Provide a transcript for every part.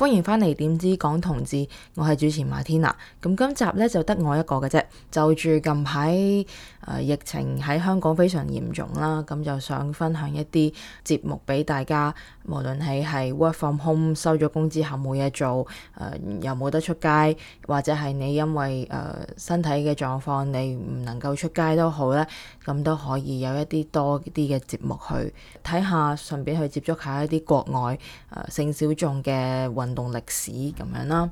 歡迎翻嚟，點知港同志，我係主持馬天娜。咁今集咧就得我一個嘅啫，就住近排誒、呃、疫情喺香港非常嚴重啦，咁就想分享一啲節目俾大家。無論你係 work from home 收咗工之後冇嘢做，誒、呃、又冇得出街，或者係你因為誒、呃、身體嘅狀況你唔能夠出街都好啦，咁都可以有一啲多啲嘅節目去睇下，順便去接觸下一啲國外誒、呃、性小眾嘅運動歷史咁樣啦。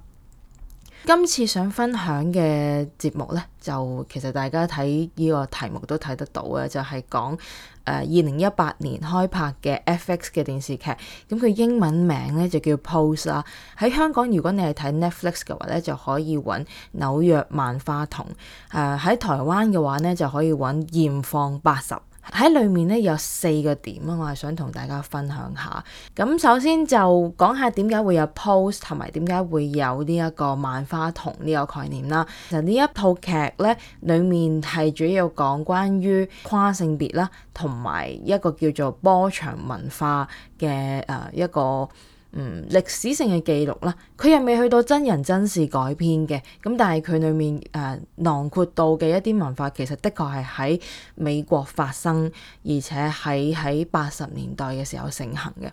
今次想分享嘅節目咧，就其實大家睇呢個題目都睇得到嘅，就係、是、講誒二零一八年開拍嘅 FX 嘅電視劇，咁佢英文名咧就叫 Pose 啦。喺香港如果你係睇 Netflix 嘅話咧，就可以揾《紐約萬花筒》誒、呃；喺台灣嘅話咧，就可以揾《艷放八十》。喺裏面咧有四個點啊，我係想同大家分享下。咁首先就講下點解會有 POSE，同埋點解會有呢一個萬花筒呢個概念啦。其實呢一套劇咧裏面係主要講關於跨性別啦，同埋一個叫做波長文化嘅誒一個。嗯，歷史性嘅記錄啦，佢又未去到真人真事改編嘅，咁但係佢裏面誒、呃、囊括到嘅一啲文化，其實的確係喺美國發生，而且喺喺八十年代嘅時候盛行嘅。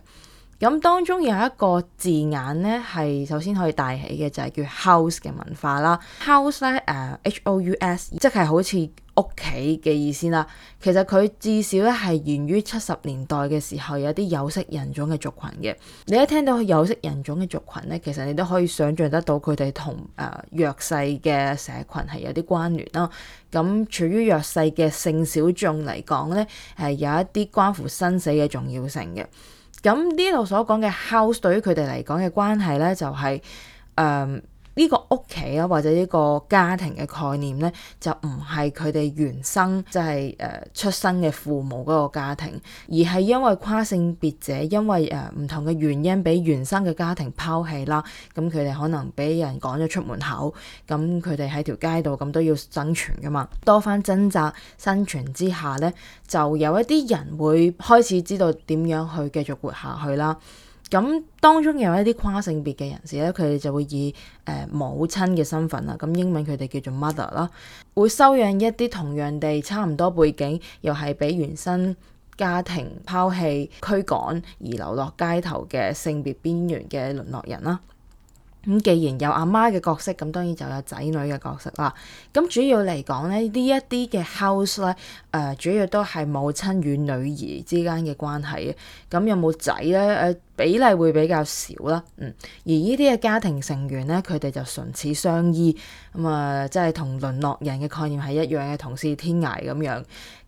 咁當中有一個字眼咧，係首先可以帶起嘅就係叫 house 嘅文化啦。house 咧誒，H O U S，即係好似屋企嘅意思啦。其實佢至少咧係源於七十年代嘅時候有啲有色人種嘅族群嘅。你一聽到有色人種嘅族群咧，其實你都可以想象得到佢哋同誒弱勢嘅社群係有啲關聯啦。咁處於弱勢嘅性小眾嚟講咧，係有一啲關乎生死嘅重要性嘅。咁呢度所講嘅 house 對於佢哋嚟講嘅關係咧，就係，就係誒。呢個屋企啊，或者呢個家庭嘅概念咧，就唔係佢哋原生即係誒出生嘅父母嗰個家庭，而係因為跨性別者因為誒唔同嘅原因，俾原生嘅家庭拋棄啦。咁佢哋可能俾人趕咗出門口，咁佢哋喺條街度咁都要生存噶嘛。多番掙扎生存之下咧，就有一啲人會開始知道點樣去繼續活下去啦。咁當中有一啲跨性別嘅人士咧，佢哋就會以誒、呃、母親嘅身份啦，咁英文佢哋叫做 mother 啦，會收養一啲同樣地差唔多背景，又係俾原生家庭拋棄、驅趕而流落街頭嘅性別邊緣嘅淪落人啦。咁、嗯、既然有阿媽嘅角色，咁當然就有仔女嘅角色啦。咁、嗯、主要嚟講咧，呢一啲嘅 house 咧、呃，誒主要都係母親與女兒之間嘅關係。咁、嗯、有冇仔咧？誒、呃？比例會比較少啦，嗯，而呢啲嘅家庭成員咧，佢哋就唇齒相依，咁、嗯、啊、呃，即係同淪落人嘅概念係一樣嘅，同是天涯咁樣。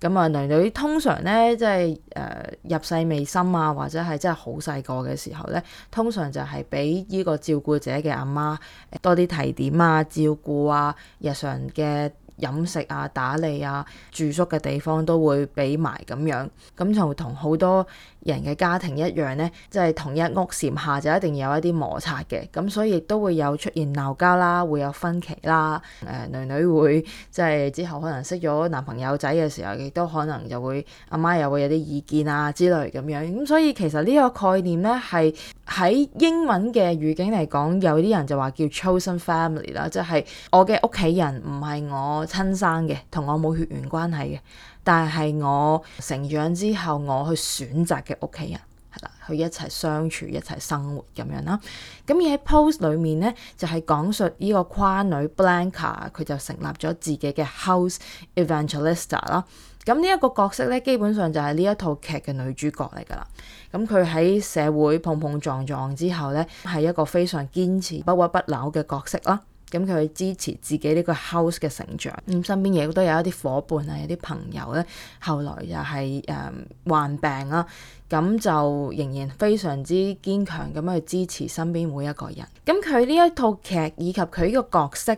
咁、嗯、啊，女、呃、女通常咧，即係誒、呃、入世未深啊，或者係真係好細個嘅時候咧，通常就係俾呢個照顧者嘅阿媽多啲提點啊，照顧啊，日常嘅飲食啊、打理啊、住宿嘅地方都會俾埋咁樣，咁就同好多人嘅家庭一樣呢，即係同一屋檐下就一定有一啲摩擦嘅，咁所以亦都會有出現鬧交啦，會有分歧啦。誒，女女會即係之後可能識咗男朋友仔嘅時候，亦都可能就會阿媽又會有啲意見啊之類咁樣。咁所以其實呢個概念呢，係喺英文嘅語境嚟講，有啲人就話叫 chosen family 啦，即係我嘅屋企人唔係我親生嘅，同我冇血緣關係嘅。但係我成長之後，我去選擇嘅屋企人去一齊相處、一齊生活咁樣啦。咁而喺 POSE 裏面呢，就係、是、講述呢個跨女 Blanca，佢就成立咗自己嘅 House Evangelista 啦。咁呢一個角色呢，基本上就係呢一套劇嘅女主角嚟㗎喇。咁佢喺社會碰碰撞撞之後呢，係一個非常堅持不屈不撓嘅角色啦。咁佢支持自己呢個 house 嘅成長，咁、嗯、身邊亦都有一啲伙伴啊，有啲朋友咧、啊，後來又係誒患病啦、啊，咁、嗯、就仍然非常之堅強咁樣去支持身邊每一個人。咁佢呢一套劇以及佢呢個角色。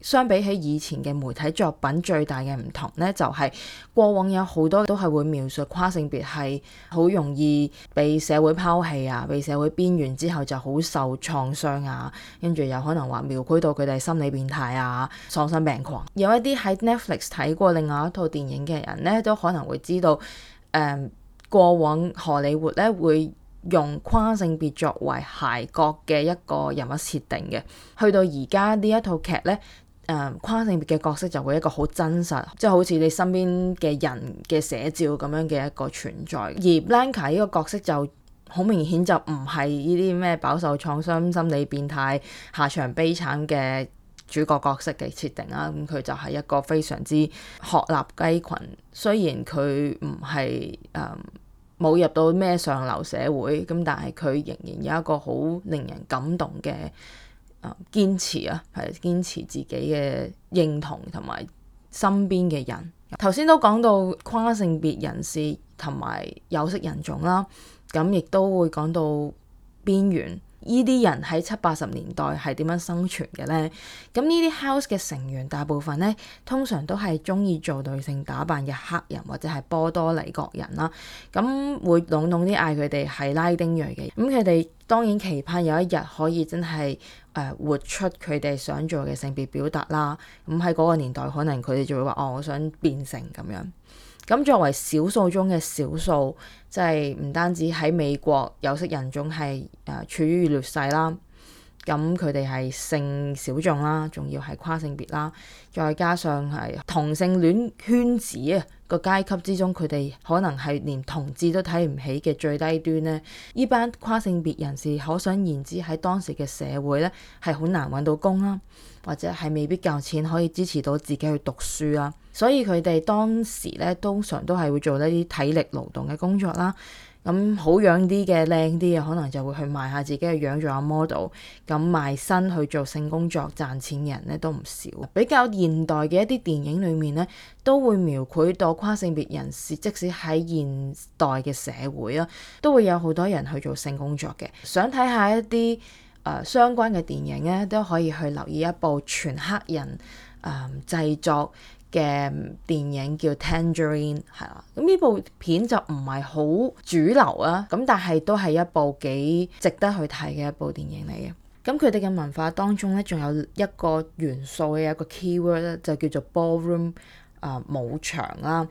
相比起以前嘅媒體作品，最大嘅唔同呢就係、是、過往有好多都係會描述跨性別係好容易被社會拋棄啊，被社會邊緣之後就好受創傷啊，跟住又可能話描繪到佢哋心理變態啊、喪心病狂。有一啲喺 Netflix 睇過另外一套電影嘅人呢，都可能會知道，誒、嗯、過往荷里活呢會用跨性別作為鞋角嘅一個人物設定嘅，去到而家呢一套劇呢。誒、呃、跨性別嘅角色就會一個好真實，即、就、係、是、好似你身邊嘅人嘅寫照咁樣嘅一個存在。而 Lanka 呢個角色就好明顯就唔係呢啲咩飽受創傷、心理變態、下場悲慘嘅主角角色嘅設定啦。咁、啊、佢、嗯、就係一個非常之學立雞群，雖然佢唔係誒冇入到咩上流社會，咁、嗯、但係佢仍然有一個好令人感動嘅。啊！堅持啊，係堅持自己嘅認同同埋身邊嘅人。頭先都講到跨性別人士同埋有色人種啦，咁亦都會講到邊緣呢啲人喺七八十年代係點樣生存嘅呢？咁呢啲 house 嘅成員大部分呢，通常都係中意做女性打扮嘅黑人或者係波多黎各人啦，咁會籠統啲嗌佢哋係拉丁裔嘅。咁佢哋當然期盼有一日可以真係。誒、呃、活出佢哋想做嘅性別表達啦，咁喺嗰個年代，可能佢哋就會話：哦，我想變成咁樣。咁、嗯、作為少數中嘅少數，即係唔單止喺美國，有色人種係誒處於劣勢啦。咁佢哋係性小眾啦，仲要係跨性別啦，再加上係同性戀圈子啊個階級之中，佢哋可能係連同志都睇唔起嘅最低端咧。呢班跨性別人士，可想而知喺當時嘅社會咧，係好難揾到工啦，或者係未必夠錢可以支持到自己去讀書啦。所以佢哋當時咧，通常都係會做一啲體力勞動嘅工作啦。咁、嗯、好養啲嘅靚啲嘅，可能就會去賣下自己嘅樣做下 model，咁賣身去做性工作賺錢嘅人咧都唔少。比較現代嘅一啲電影裏面咧，都會描繪到跨性別人士，即使喺現代嘅社會啦，都會有好多人去做性工作嘅。想睇下一啲誒、呃、相關嘅電影咧，都可以去留意一部全黑人誒、呃、製作。嘅電影叫《Tangerine》，係啦，咁呢部片就唔係好主流啊，咁但係都係一部幾值得去睇嘅一部電影嚟嘅。咁佢哋嘅文化當中咧，仲有一個元素嘅一個 keyword 咧，就叫做 ballroom 啊、呃、舞場啦。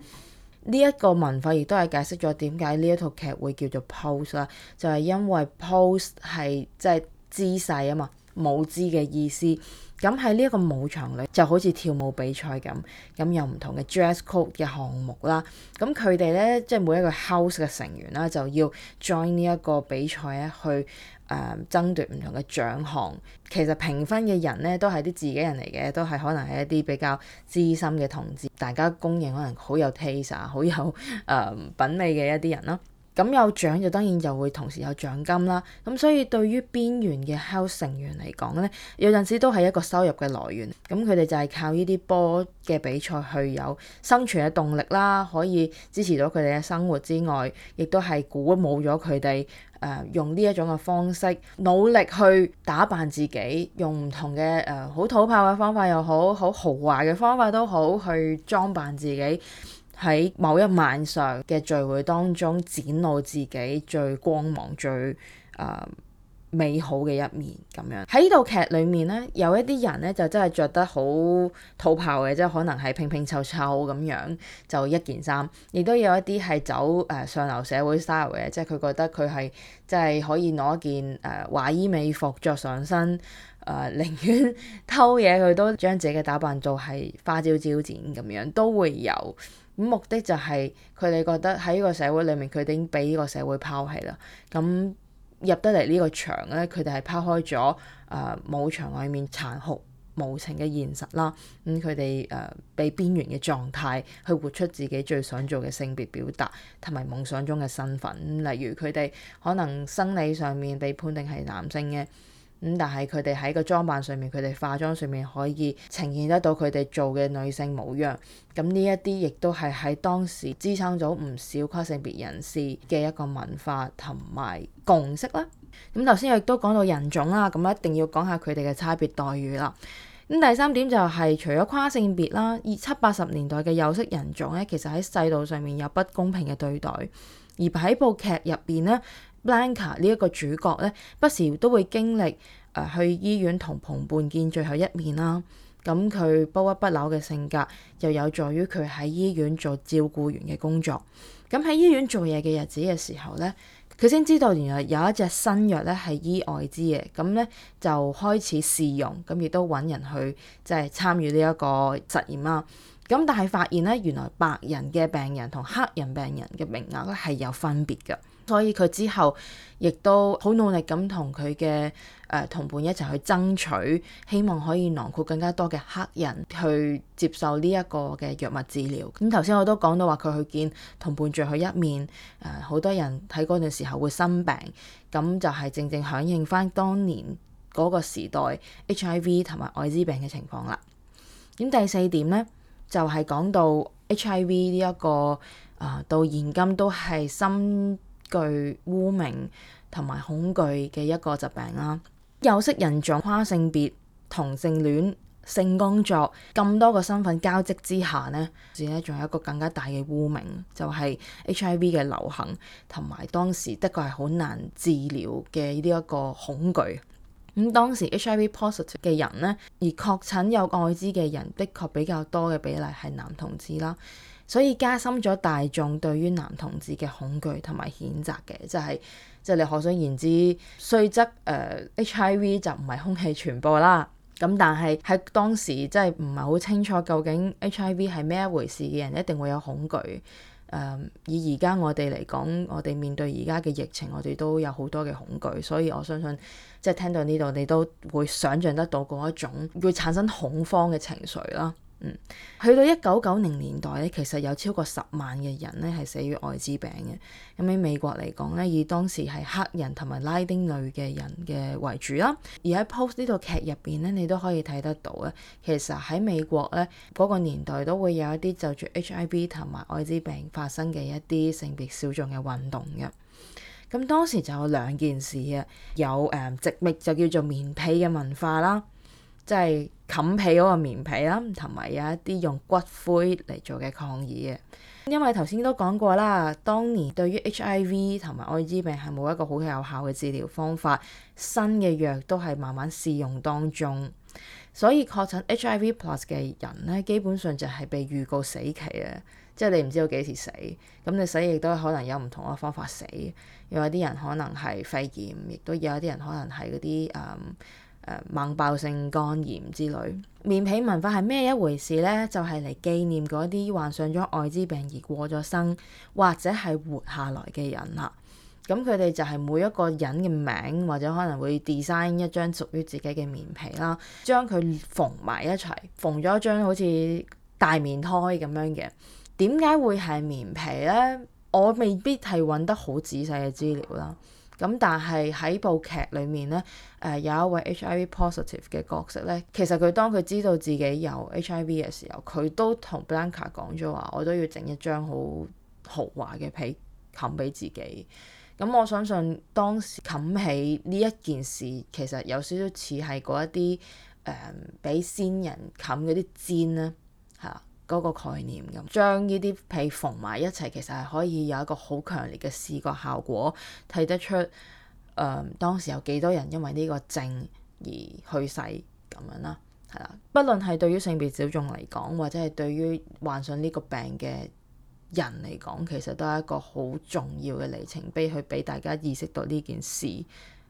呢、這、一個文化亦都係解釋咗點解呢一套劇會叫做 pose 啦，就係因為 pose 係即係姿勢啊嘛，舞姿嘅意思。咁喺呢一個舞場裏，就好似跳舞比賽咁，咁有唔同嘅 dress code 嘅項目啦。咁佢哋咧，即係每一個 house 嘅成員啦，就要 join 呢一個比賽咧，去、呃、誒爭奪唔同嘅獎項。其實評分嘅人咧，都係啲自己人嚟嘅，都係可能係一啲比較資深嘅同志，大家公認可能好有 taste 啊，好有誒品味嘅一啲人囉。咁有獎就當然就會同時有獎金啦。咁所以對於邊緣嘅 house 成員嚟講咧，有陣時都係一個收入嘅來源。咁佢哋就係靠呢啲波嘅比賽去有生存嘅動力啦，可以支持到佢哋嘅生活之外，亦都係鼓舞咗佢哋誒用呢一種嘅方式努力去打扮自己，用唔同嘅誒好土炮嘅方法又好，好豪華嘅方法都好去裝扮自己。喺某一晚上嘅聚會當中，展露自己最光芒最誒、呃、美好嘅一面咁樣。喺呢套劇裏面呢，有一啲人呢就真係着得好土炮嘅，即係可能係拼拼湊湊咁樣就一件衫；亦都有一啲係走誒、呃、上流社會 style 嘅，即係佢覺得佢係即係可以攞一件誒、呃、華衣美服着上身，誒、呃、寧願偷嘢佢都將自己嘅打扮做係花枝招展咁樣，都會有。咁目的就係佢哋覺得喺呢個社會裏面佢哋已經畀呢個社會拋棄啦。咁入得嚟呢個場咧，佢哋係拋開咗誒舞場外面殘酷無情嘅現實啦。咁佢哋誒畀邊緣嘅狀態去活出自己最想做嘅性別表達同埋夢想中嘅身份。例如佢哋可能生理上面被判定係男性嘅。咁但係佢哋喺個裝扮上面，佢哋化妝上面可以呈現得到佢哋做嘅女性模樣。咁呢一啲亦都係喺當時支撐咗唔少跨性別人士嘅一個文化同埋共識啦。咁頭先亦都講到人種啊，咁、嗯、一定要講下佢哋嘅差別待遇啦。咁、嗯、第三點就係、是、除咗跨性別啦，七八十年代嘅有色人種咧，其實喺世道上面有不公平嘅對待，而喺部劇入邊咧。Blanca 呢一個主角咧，不時都會經歷誒、呃、去醫院同同伴見最後一面啦。咁、嗯、佢不屈不撓嘅性格，又有助於佢喺醫院做照顧員嘅工作。咁、嗯、喺醫院做嘢嘅日子嘅時候咧，佢先知道原來有一隻新藥咧，係醫愛滋嘅。咁、嗯、咧、嗯、就開始試用，咁、嗯、亦都揾人去即係、就是、參與呢一個實驗啦。咁、嗯、但係發現咧，原來白人嘅病人同黑人病人嘅名額咧係有分別嘅。所以佢之後亦都好努力咁同佢嘅誒同伴一齊去爭取，希望可以囊括更加多嘅黑人去接受呢一個嘅藥物治療。咁頭先我都講到話佢去見同伴聚佢一面，誒、呃、好多人喺嗰段時候會生病，咁就係正正響應返當年嗰個時代 HIV 同埋愛滋病嘅情況啦。咁、嗯、第四點呢，就係、是、講到 HIV 呢、這、一個啊、呃，到現今都係深具污名同埋恐懼嘅一個疾病啦、啊，有色人種、跨性別、同性戀、性工作咁多個身份交織之下呢，甚至咧仲有一個更加大嘅污名，就係、是、HIV 嘅流行同埋當時的確係好難治療嘅呢一個恐懼。咁當時 HIV positive 嘅人呢，而確診有愛滋嘅人的確比較多嘅比例係男同志啦。所以加深咗大眾對於男同志嘅恐懼同埋譴責嘅，就係、係、就係、你可想而知，雖則誒、呃、HIV 就唔係空氣傳播啦，咁但係喺當時即係唔係好清楚究竟 HIV 係咩一回事嘅人一定會有恐懼。誒、呃、以而家我哋嚟講，我哋面對而家嘅疫情，我哋都有好多嘅恐懼，所以我相信即係、即係、聽到呢度，你都會想像得到嗰一種會產生恐慌嘅情緒啦。嗯，去到一九九零年代咧，其實有超過十萬嘅人咧係死於艾滋病嘅。咁喺美國嚟講咧，以當時係黑人同埋拉丁裔嘅人嘅為主啦。而喺 POSE 呢套劇入邊咧，你都可以睇得到咧，其實喺美國咧嗰、那個年代都會有一啲就住 HIV 同埋艾滋病發生嘅一啲性別小眾嘅運動嘅。咁當時就有兩件事啊，有誒殖民就叫做棉被嘅文化啦。即係冚被嗰個棉被啦，同埋有一啲用骨灰嚟做嘅抗議嘅。因為頭先都講過啦，當年對於 HIV 同埋愛滋病係冇一個好有效嘅治療方法，新嘅藥都係慢慢試用當中。所以確診 HIV plus 嘅人咧，基本上就係被預告死期嘅。即係你唔知道幾時死，咁你死亦都可能有唔同嘅方法死。有啲人可能係肺炎，亦都有啲人可能係嗰啲誒。嗯誒、呃、猛爆性肝炎之類，棉被文化係咩一回事咧？就係嚟紀念嗰啲患上咗愛滋病而過咗生，或者係活下來嘅人啦。咁佢哋就係每一個人嘅名，或者可能會 design 一張屬於自己嘅棉被啦，將佢縫埋一齊，縫咗一張好似大棉胎咁樣嘅。點解會係棉被咧？我未必係揾得好仔細嘅資料啦。咁但係喺部劇裏面咧，誒、呃、有一位 HIV positive 嘅角色咧，其實佢當佢知道自己有 HIV 嘅時候，佢都同 Blanca 講咗話，我都要整一張好豪華嘅被冚俾自己。咁、嗯、我相信當時冚起呢一件事，其實有少少似係嗰一啲誒俾先人冚嗰啲氈啦。嗰個概念咁，將呢啲被縫埋一齊，其實係可以有一個好強烈嘅視覺效果，睇得出，誒、呃、當時有幾多人因為呢個症而去世咁樣啦，係啦，不論係對於性別小眾嚟講，或者係對於患上呢個病嘅人嚟講，其實都係一個好重要嘅里程碑，去俾大家意識到呢件事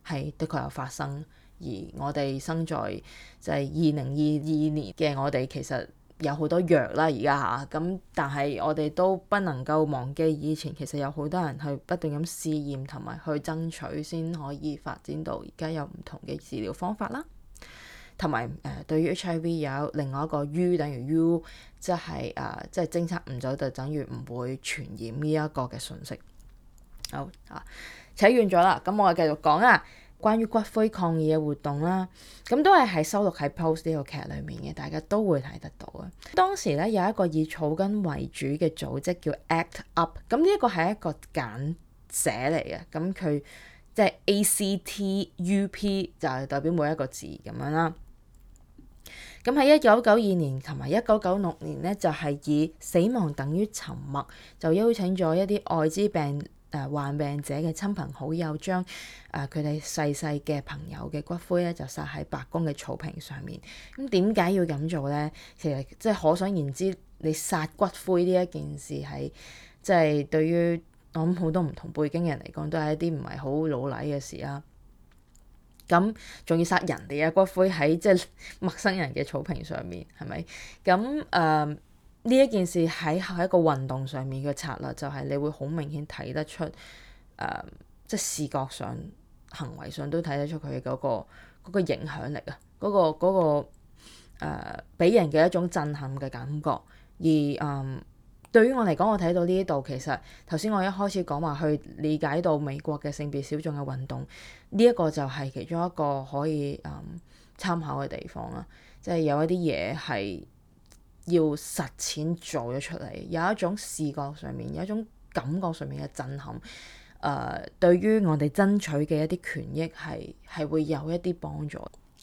係的確有發生，而我哋身在就係二零二二年嘅我哋，其實。有好多藥啦，而家吓咁，但係我哋都不能夠忘記以前，其實有好多人去不斷咁試驗同埋去爭取，先可以發展到而家有唔同嘅治療方法啦。同埋誒，對於 HIV 有另外一個 U，等於 U，即係誒、呃，即係偵測唔到，就等於唔會傳染呢一個嘅信息。好啊，扯遠咗啦，咁我繼續講啊。關於骨灰抗議嘅活動啦，咁都係喺收錄喺 POSE 呢個劇裏面嘅，大家都會睇得到啊。當時咧有一個以草根為主嘅組織叫 Act Up，咁呢一個係一個簡寫嚟嘅，咁佢即係 A C T U P 就係代表每一個字咁樣啦。咁喺一九九二年同埋一九九六年咧，就係以死亡等於沉默就邀請咗一啲愛滋病誒、呃、患病者嘅親朋好友將誒佢哋細細嘅朋友嘅骨灰咧，就撒喺白宮嘅草坪上面。咁點解要咁做咧？其實即係可想而知，你撒骨灰呢一件事係即係對於我諗好多唔同背景人嚟講，都係一啲唔係好老禮嘅事啦、啊。咁、嗯、仲要撒人哋嘅骨灰喺即係陌生人嘅草坪上面，係咪？咁、嗯、誒？嗯呢一件事喺喺一個運動上面嘅策略，就係你會好明顯睇得出，誒，即係視覺上、行為上都睇得出佢嗰個嗰個影響力啊，嗰個嗰個誒俾人嘅一種震撼嘅感覺。而誒對於我嚟講，我睇到呢一度其實頭先我一開始講話去理解到美國嘅性別小眾嘅運動呢一個就係其中一個可以誒參考嘅地方啦，即係有一啲嘢係，要實踐做咗出嚟，有一種視覺上面，有一種感覺上面嘅震撼。誒、呃，對於我哋爭取嘅一啲權益係係會有一啲幫助。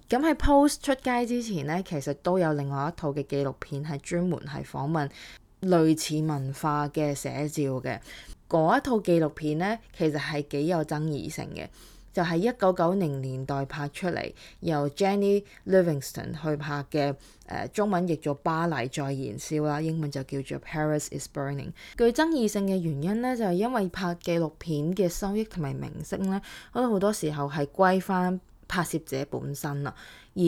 咁喺、嗯、POSE 出街之前呢，其實都有另外一套嘅紀錄片係專門係訪問類似文化嘅寫照嘅。嗰一套紀錄片呢，其實係幾有爭議性嘅。就係一九九零年代拍出嚟，由 Jenny Livingston 去拍嘅，誒、呃、中文譯做《巴黎再燃燒》啦，英文就叫做《Paris Is Burning》。具爭議性嘅原因咧，就係、是、因為拍紀錄片嘅收益同埋明星咧，我都好多時候係歸翻拍攝者本身啦，而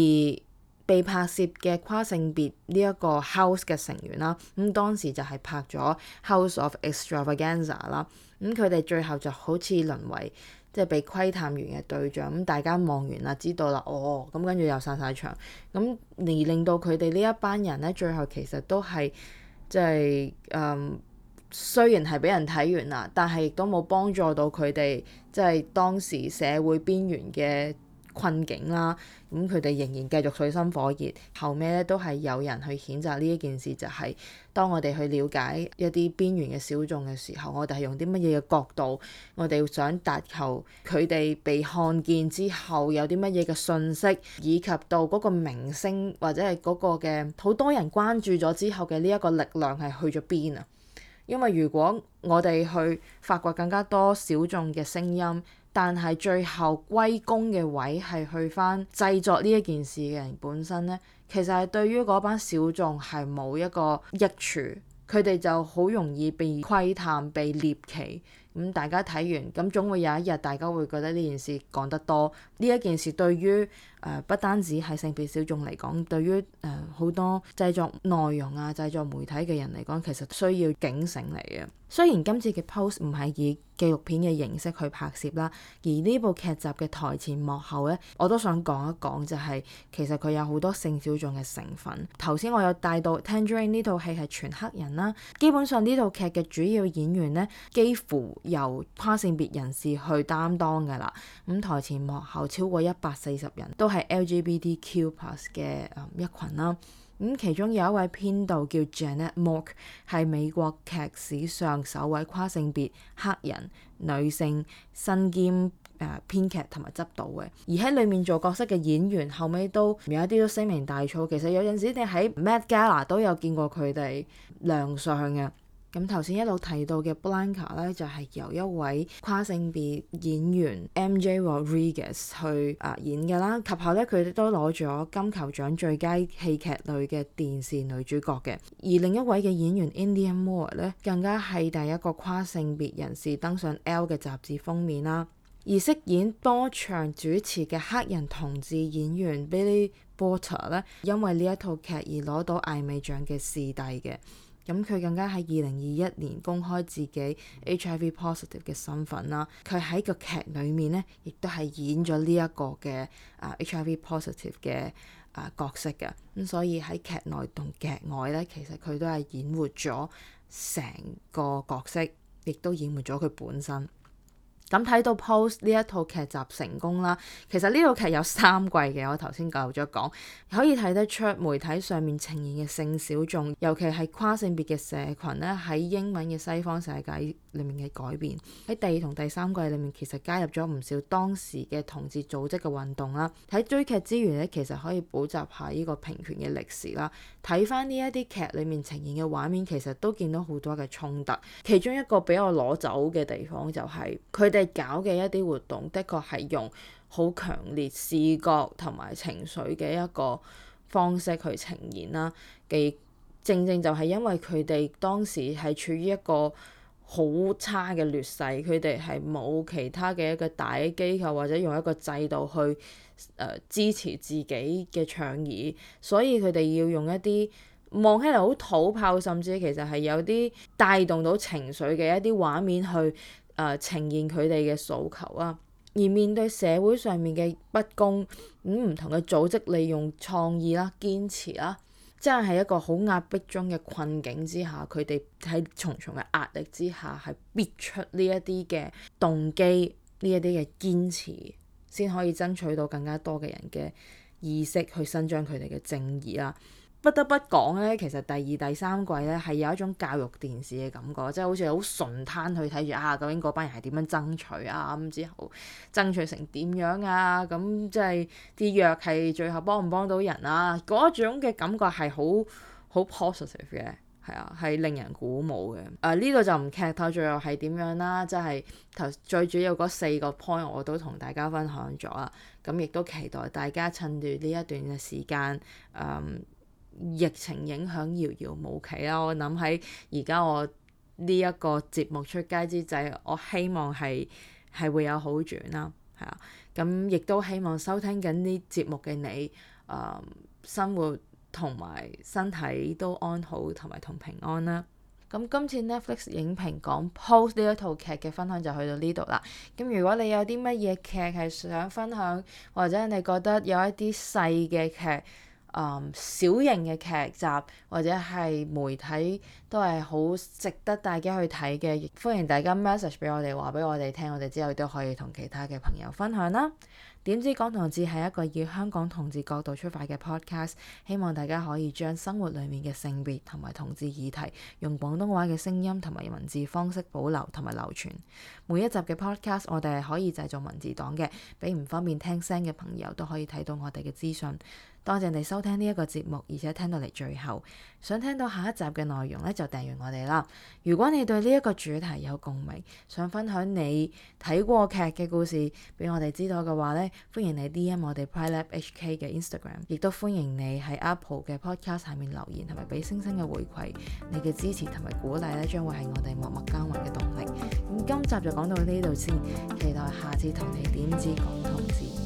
被拍攝嘅跨性別呢一個 House 嘅成員啦，咁、嗯、當時就係拍咗《House of Extravaganza》啦，咁佢哋最後就好似淪為。即係被窺探完嘅對象，咁大家望完啦，知道啦，哦，咁跟住又散晒場，咁而令到佢哋呢一班人咧，最後其實都係即係誒，雖然係俾人睇完啦，但係亦都冇幫助到佢哋，即係當時社會邊緣嘅。困境啦，咁佢哋仍然繼續水深火熱，後尾咧都係有人去譴責呢一件事，就係當我哋去了解一啲邊緣嘅小眾嘅時候，我哋係用啲乜嘢嘅角度，我哋想達求佢哋被看見之後有啲乜嘢嘅信息，以及到嗰個明星或者係嗰個嘅好多人關注咗之後嘅呢一個力量係去咗邊啊？因為如果我哋去發掘更加多小眾嘅聲音。但係最後歸功嘅位係去翻製作呢一件事嘅人本身咧，其實係對於嗰班小眾係冇一個益處，佢哋就好容易被窺探、被獵奇。咁、嗯、大家睇完，咁總會有一日，大家會覺得呢件事講得多，呢一件事對於。誒、呃、不單止係性別小眾嚟講，對於誒好多製作內容啊、製作媒體嘅人嚟講，其實需要警醒嚟嘅。雖然今次嘅 POSE 唔係以紀錄片嘅形式去拍攝啦，而呢部劇集嘅台前幕後咧，我都想講一講、就是，就係其實佢有好多性小眾嘅成分。頭先我有帶到《Tangerine》呢套戲係全黑人啦，基本上呢套劇嘅主要演員咧，幾乎由跨性別人士去擔當㗎喇。咁台前幕後超過一百四十人都都係 LGBTQ+ 嘅一群啦，咁、嗯、其中有一位編導叫 Janet Mock，係美國劇史上首位跨性別黑人女性身兼誒、呃、編劇同埋執導嘅，而喺裡面做角色嘅演員，後尾都有一啲都聲名大噪。其實有陣時你喺 Met Gala 都有見過佢哋亮相嘅。咁頭先一路提到嘅 Blanca 咧，就係由一位跨性別演員 M.J. Rodriguez 去啊演㗎啦，及後咧佢都攞咗金球獎最佳戲劇類嘅電視女主角嘅。而另一位嘅演員 Indya Moore 咧，更加係第一個跨性別人士登上 L 嘅雜誌封面啦。而飾演多場主持嘅黑人同志演員 Billy Porter 咧，因為呢一套劇而攞到艾美獎嘅視帝嘅。咁佢更加喺二零二一年公開自己 positive、uh, HIV positive 嘅身份啦，佢喺個劇裏面咧，亦都係演咗呢一個嘅啊 HIV positive 嘅啊角色㗎，咁所以喺劇內同劇外咧，其實佢都係演活咗成個角色，亦都演活咗佢本身。咁睇、嗯、到 POSE 呢一套劇集成功啦，其實呢套劇有三季嘅，我頭先教育咗講，可以睇得出媒體上面呈現嘅性小眾，尤其係跨性別嘅社群咧，喺英文嘅西方世界裡面嘅改變喺第二同第三季裡面，其實加入咗唔少當時嘅同志組織嘅運動啦。喺追劇之餘呢，其實可以補習下呢個平權嘅歷史啦。睇翻呢一啲劇裡面呈現嘅畫面，其實都見到好多嘅衝突。其中一個畀我攞走嘅地方就係佢哋搞嘅一啲活動，的確係用好強烈視覺同埋情緒嘅一個方式去呈現啦。正正就係因為佢哋當時係處於一個好差嘅劣勢，佢哋係冇其他嘅一個大機構或者用一個制度去誒、呃、支持自己嘅倡議，所以佢哋要用一啲望起嚟好土炮，甚至其實係有啲帶動到情緒嘅一啲畫面去誒、呃呃、呈現佢哋嘅訴求啊。而面對社會上面嘅不公，咁、嗯、唔同嘅組織利用創意啦、堅持啦。真係一個好壓迫中嘅困境之下，佢哋喺重重嘅壓力之下，係逼出呢一啲嘅動機，呢一啲嘅堅持，先可以爭取到更加多嘅人嘅意識去伸張佢哋嘅正義啦。不得不講咧，其實第二、第三季咧係有一種教育電視嘅感覺，即係好似好純攤去睇住啊，究竟嗰班人係點樣爭取啊？咁之後爭取成點樣啊？咁、嗯、即係啲藥係最後幫唔幫到人啊？嗰種嘅感覺係好好 positive 嘅，係啊，係令人鼓舞嘅。誒呢度就唔劇透，最後係點樣啦？即係頭最主要嗰四個 point 我都同大家分享咗啊。咁亦都期待大家趁住呢一段嘅時間，嗯。疫情影響遙遙無期啦，我諗喺而家我呢一個節目出街之際，我希望係係會有好轉啦，係啊，咁亦都希望收聽緊呢節目嘅你，誒、嗯、生活同埋身體都安好同埋同平安啦。咁今次 Netflix 影評講 POSE 呢一套劇嘅分享就去到呢度啦。咁如果你有啲乜嘢劇係想分享，或者你覺得有一啲細嘅劇，Um, 小型嘅劇集或者係媒體都係好值得大家去睇嘅，亦歡迎大家 message 俾我哋，話俾我哋聽，我哋之後都可以同其他嘅朋友分享啦。點知講同志係一個以香港同志角度出發嘅 podcast，希望大家可以將生活裡面嘅性別同埋同志議題，用廣東話嘅聲音同埋文字方式保留同埋流傳。每一集嘅 podcast 我哋係可以製作文字檔嘅，俾唔方便聽聲嘅朋友都可以睇到我哋嘅資訊。多謝你收聽呢一個節目，而且聽到嚟最後，想聽到下一集嘅內容呢，就訂閱我哋啦。如果你對呢一個主題有共鳴，想分享你睇過劇嘅故事俾我哋知道嘅話呢，歡迎你 DM 我哋 PrideLab HK 嘅 Instagram，亦都歡迎你喺 Apple 嘅 Podcast 下面留言，同埋俾星星嘅回饋，你嘅支持同埋鼓勵咧，將會係我哋默默耕耘嘅動力。咁今集就講到呢度先，期待下次同你點子講同志。